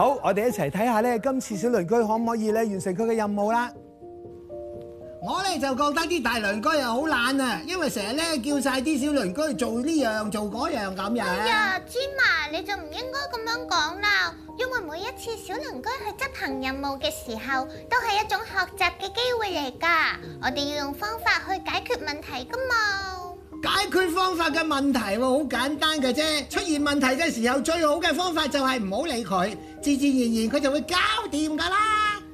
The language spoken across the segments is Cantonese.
好，我哋一齊睇下呢。今次小鄰居可唔可以咧完成佢嘅任務啦？我呢就覺得啲大鄰居又好懶啊，因為成日咧叫晒啲小鄰居做呢樣做嗰樣咁樣。哎呀，芝麻，你就唔應該咁樣講啦，因為每一次小鄰居去執行任務嘅時候，都係一種學習嘅機會嚟噶。我哋要用方法去解決問題噶嘛。解決方法嘅問題好簡單嘅啫。出現問題嘅時候，最好嘅方法就係唔好理佢，自自然然佢就會搞掂噶啦。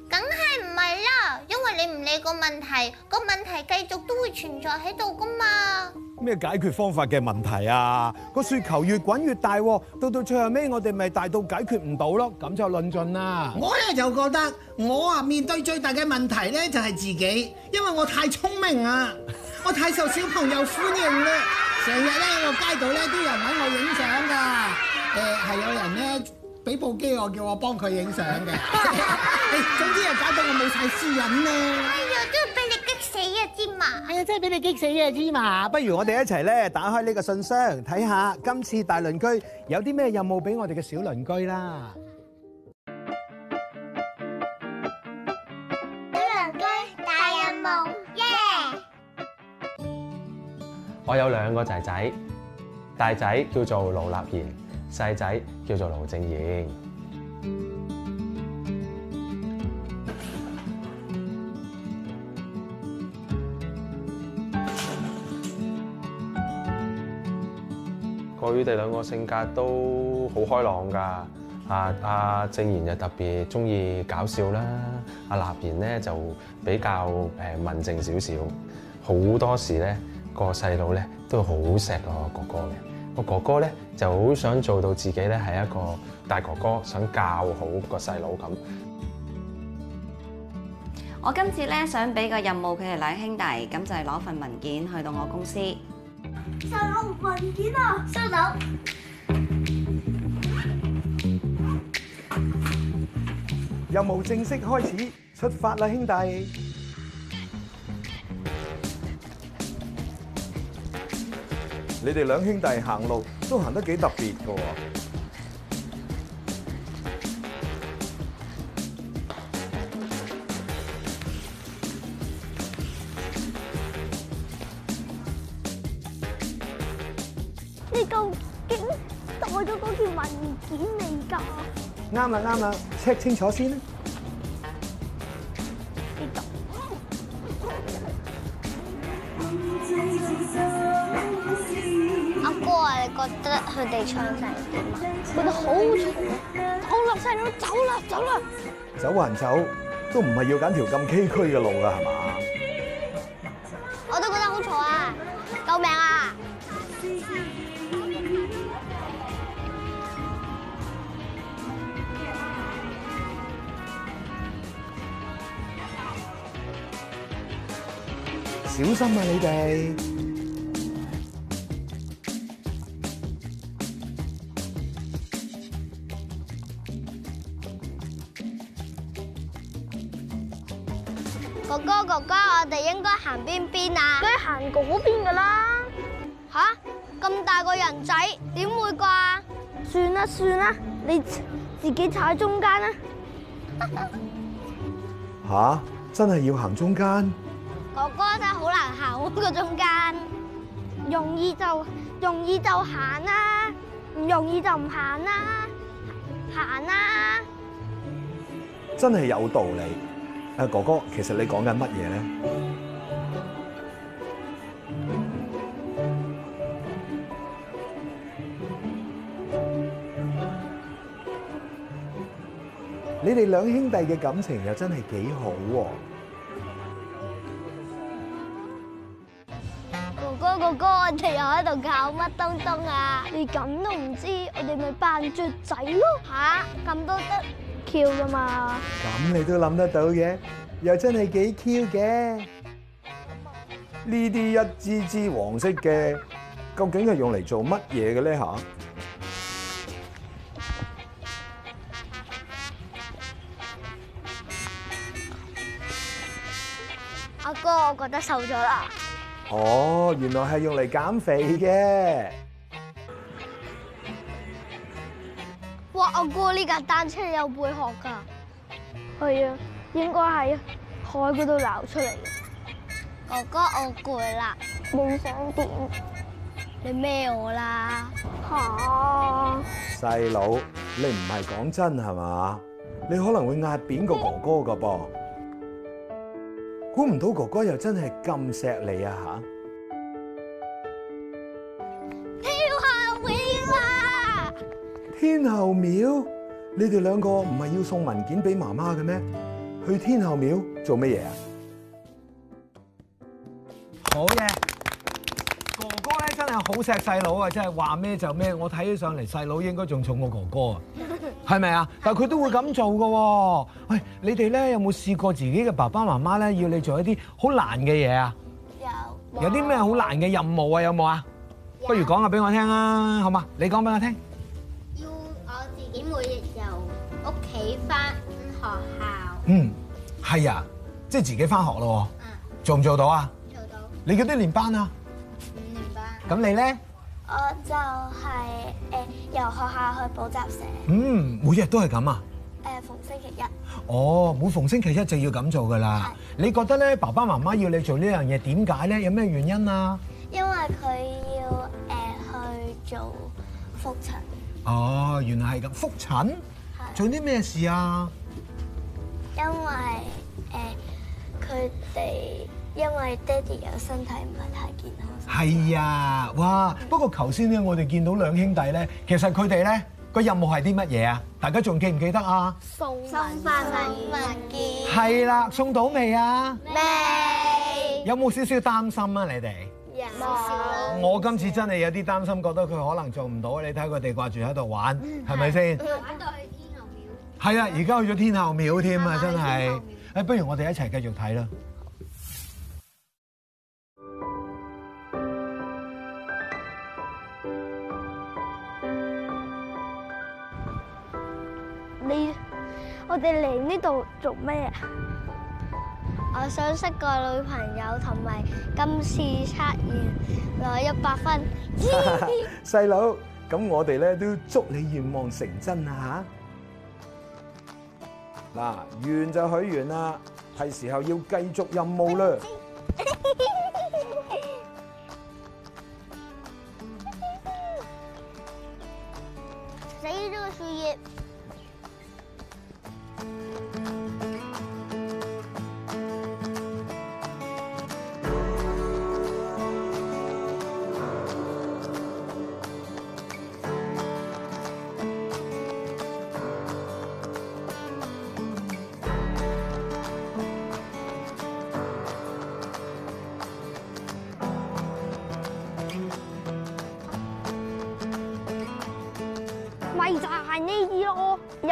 梗係唔係啦？因為你唔理個問題，個問題繼續都會存在喺度噶嘛。咩解決方法嘅問題啊？個雪球越滾越大喎，到到最後尾我哋咪大到解決唔到咯。咁就論盡啦。我咧就覺得，我啊面對最大嘅問題咧就係自己，因為我太聰明啊。我太受小朋友歡迎啦，成日咧個街度咧都有人揾我影相㗎，誒、呃、係有人咧俾部機我，叫我幫佢影相嘅，誒 總之又搞到我冇晒私隱咧。哎呀，都係俾你激死啊，芝麻！哎呀，真係俾你激死啊，芝麻！不如我哋一齊咧打開呢個信箱，睇下今次大鄰居有啲咩任務俾我哋嘅小鄰居啦。我有兩個仔仔，大仔叫做盧立賢，細仔叫做盧正賢。佢哋兩個性格都好開朗㗎。啊，阿、啊、正賢就特別鍾意搞笑啦。阿、啊、立賢咧就比較誒、呃、文靜少少，好多時咧。個細佬咧都好錫個哥哥嘅，個哥哥咧就好想做到自己咧係一個大哥哥，想教好個細佬咁。我今次咧想俾個任務佢哋兩兄弟，咁就係攞份文件去到我公司。細佬，文件啊，收走。任務正式開始，出發啦，兄弟。你哋兩兄弟行路都行得幾特別㗎，你究竟袋咗嗰條文件嚟㗎？啱啊啱啊，check 清楚先啦！得佢哋唱晒，點我哋好嘈好落晒。細佬，走啦走啦！走還走，走，走都唔係要揀條咁崎嶇嘅路㗎係嘛？我都覺得好嘈啊！救命啊！小心啊你哋！嗰邊噶啦。吓，咁大個人仔，點會啩？算啦算啦，你自己踩喺中間啦。吓，真係要行中間？哥哥真係好難行嗰中間，容易就容易就行啦，唔容易就唔行啦，行啦。真係有道理，阿哥哥，其實你講緊乜嘢咧？你哋兩兄弟嘅感情又真係幾好喎！哥哥，哥哥，我哋又喺度搞乜東東啊？你咁都唔知，我哋咪扮雀仔咯嚇，咁都得 Q 噶嘛？咁你都諗得到嘅，又真係幾 Q 嘅。呢啲一支支黃色嘅，究竟係用嚟做乜嘢嘅咧嚇？得瘦咗啦！哦，原來係用嚟減肥嘅。哇，阿哥呢架、這個、單車有背殼噶？係啊，應該喺海嗰度撈出嚟。哥哥，我攰啦，你不想點？你孭我啦？吓、啊！細佬，你唔係講真係嘛？你可能會壓扁個哥哥噶噃。估唔到哥哥又真係咁錫你啊吓！跳下泳啦！天后廟？你哋兩個唔係要送文件俾媽媽嘅咩？去天后廟做乜嘢啊？好嘢！哥哥咧真係好錫細佬啊！真係話咩就咩，我睇起上嚟細佬應該仲重過哥哥啊！係咪啊？但佢都會咁做嘅喎。喂、哎，你哋咧有冇試過自己嘅爸爸媽媽咧要你做一啲好難嘅嘢啊？有。有啲咩好難嘅任務啊？有冇啊？不如講下俾我聽啊，好嘛，你講俾我聽。要我自己每日由屋企返學校。嗯，係啊，即係自己返學咯。嗯。做唔做到啊？做到。你幾多年班啊？五年班。咁你咧？我就係、是、誒、呃、由學校去補習社。嗯，每日都係咁啊。誒、呃，逢星期一。哦，每逢星期一就要咁做噶啦。你覺得咧，爸爸媽媽要你做這件事呢樣嘢，點解咧？有咩原因啊？因為佢要誒、呃、去做複診。哦，原來係咁複診。係。做啲咩事啊？因為誒佢哋。呃因為爹哋有身體唔係太健康。係啊，哇！不過頭先咧，我哋見到兩兄弟咧，其實佢哋咧個任務係啲乜嘢啊？大家仲記唔記得送啊？送返禮物。係啦，送到未啊？未。有冇少少擔心啊？你哋？少少。我今次真係有啲擔心，覺得佢可能做唔到。你睇佢哋掛住喺度玩，係咪先？玩到去天后廟。係啊，而家去咗天后廟添啊！真係。誒，不如我哋一齊繼續睇啦。我哋嚟呢度做咩啊？我想識個女朋友，同埋今次測驗攞一百分。細佬，咁我哋咧都祝你願望成真啊！吓，嗱，願就許完啦，係時候要繼續任務啦。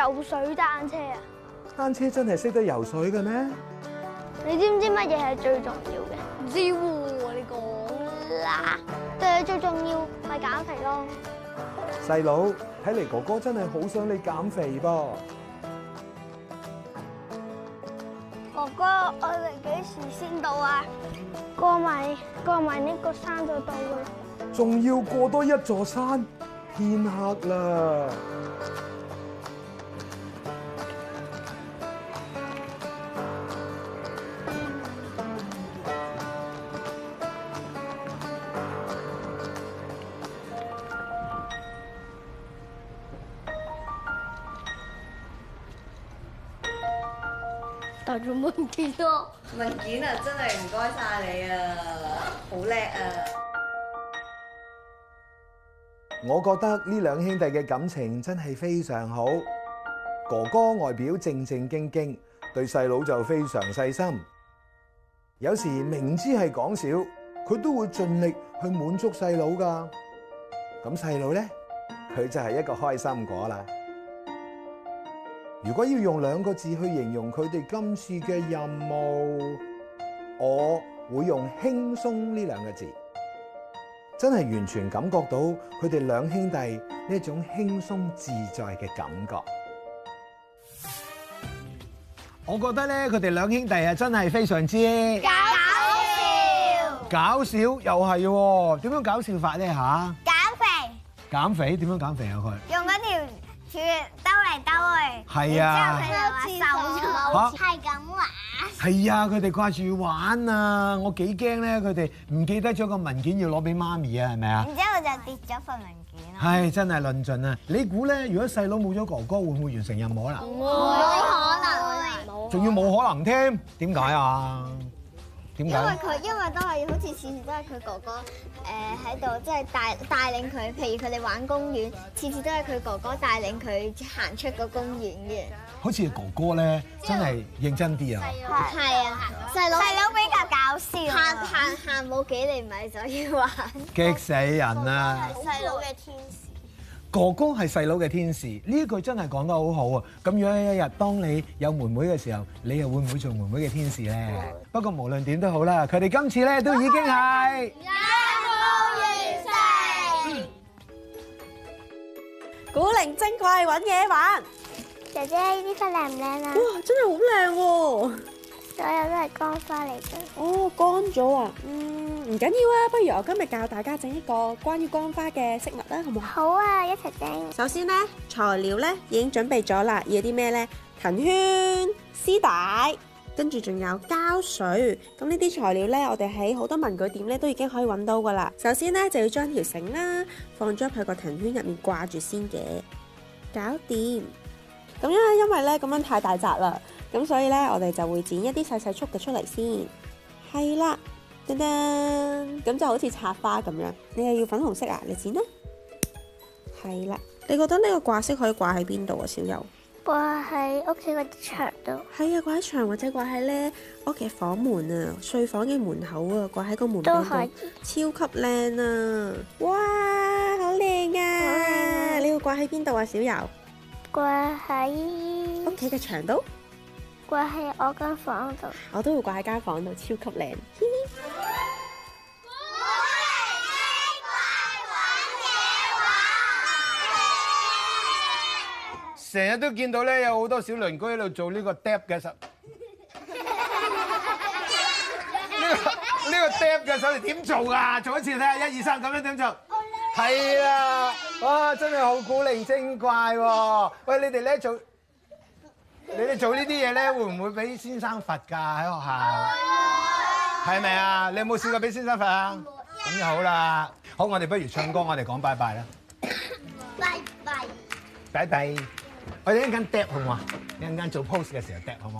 游水單車啊！單車真係識得游水嘅咩？你知唔知乜嘢係最重要嘅？唔知喎，你講啦。對，最重要咪減肥咯！細佬，睇嚟哥哥真係好想你減肥噃。哥哥，我哋幾時先到啊？過埋過埋呢個山就到啦。仲要過多一座山，天黑啦。文件咯，文件啊，真係唔該晒你啊，好叻啊！我覺得呢兩兄弟嘅感情真係非常好。哥哥外表正正經經，對細佬就非常細心。有時明知係講笑，佢都會盡力去滿足細佬噶。咁細佬咧，佢就係一個開心果啦。如果要用兩個字去形容佢哋今次嘅任務，我會用輕鬆呢兩個字。真係完全感覺到佢哋兩兄弟呢種輕鬆自在嘅感覺。我覺得咧，佢哋兩兄弟啊，真係非常之搞，搞笑，搞笑又係嘅喎。點樣搞笑法呢？吓，減肥，減肥，點樣減肥啊佢？用緊條柱。係啊，嚇，係咁話。係啊，佢哋掛住玩啊，我幾驚咧！佢哋唔記得咗個文件要攞俾媽咪啊，係咪啊？然之後就跌咗份文件啊。係真係論盡啊！你估咧，如果細佬冇咗哥哥，會唔會完成任務呢？冇可能，仲要冇可能添？點解啊？因為佢，因為都係好似次次都係佢哥哥誒喺度，即係帶帶領佢。譬如佢哋玩公園，次次都係佢哥哥帶領佢行出個公園嘅。好似哥哥咧，真係認真啲啊！係啊，細佬細佬比較搞笑，行行行冇幾釐米就要玩，激死人啦！細佬嘅天使。哥哥係細佬嘅天使，呢句真係講得好好啊！咁如果有一日，當你有妹妹嘅時候，你又會唔會做妹妹嘅天使咧？不過無論點都好啦，佢哋今次咧都已經係一呼完成。古靈精怪揾嘢玩，姐姐呢塊靚唔靚啊？哇！真係好靚喎～所有都係乾花嚟嘅。哦，乾咗啊？嗯，唔緊要啊。不如我今日教大家整一個關於乾花嘅飾物啦，好唔好？好啊，一齊整。首先呢，材料呢已經準備咗啦，要有啲咩呢？藤圈、絲帶，跟住仲有膠水。咁呢啲材料呢，我哋喺好多文具店呢都已經可以揾到噶啦。首先呢，就要將條繩啦放咗入去個藤圈入面掛住先嘅。搞掂。咁樣因為呢，咁樣太大扎啦。咁所以呢，我哋就會剪一啲細細束嘅出嚟先，係啦，噔噔，咁就好似插花咁樣。你又要粉紅色啊？你剪啦，係啦。你覺得呢個掛飾可以掛喺邊度啊？小柔？掛喺屋企嗰啲牆度，係啊，掛喺牆或者掛喺呢屋企房門啊，睡房嘅門口啊，掛喺個門口度，都可以，超級靚啊！哇，好靚噶，啊啊！你會掛喺邊度啊？小柔？掛喺屋企嘅牆度。掛喺我間房度，我都會掛喺間房度，超級靚。成日都見到咧，有好多小鄰居喺度做呢個嗒嘅手。呢個呢個嗒嘅手係點做噶做一次睇下，一二三，咁樣點做？係啊，哇，真係好古靈精怪喎！喂，你哋咧做？你哋做呢啲嘢咧，會唔會俾先生罰㗎？喺學校，係咪啊？你有冇試過俾先生罰啊？咁就好啦。好，我哋不如唱歌，我哋講拜拜啦。拜拜，拜拜。我哋一陣間嗒好嘛？一陣間做 pose 嘅時候嗒好冇？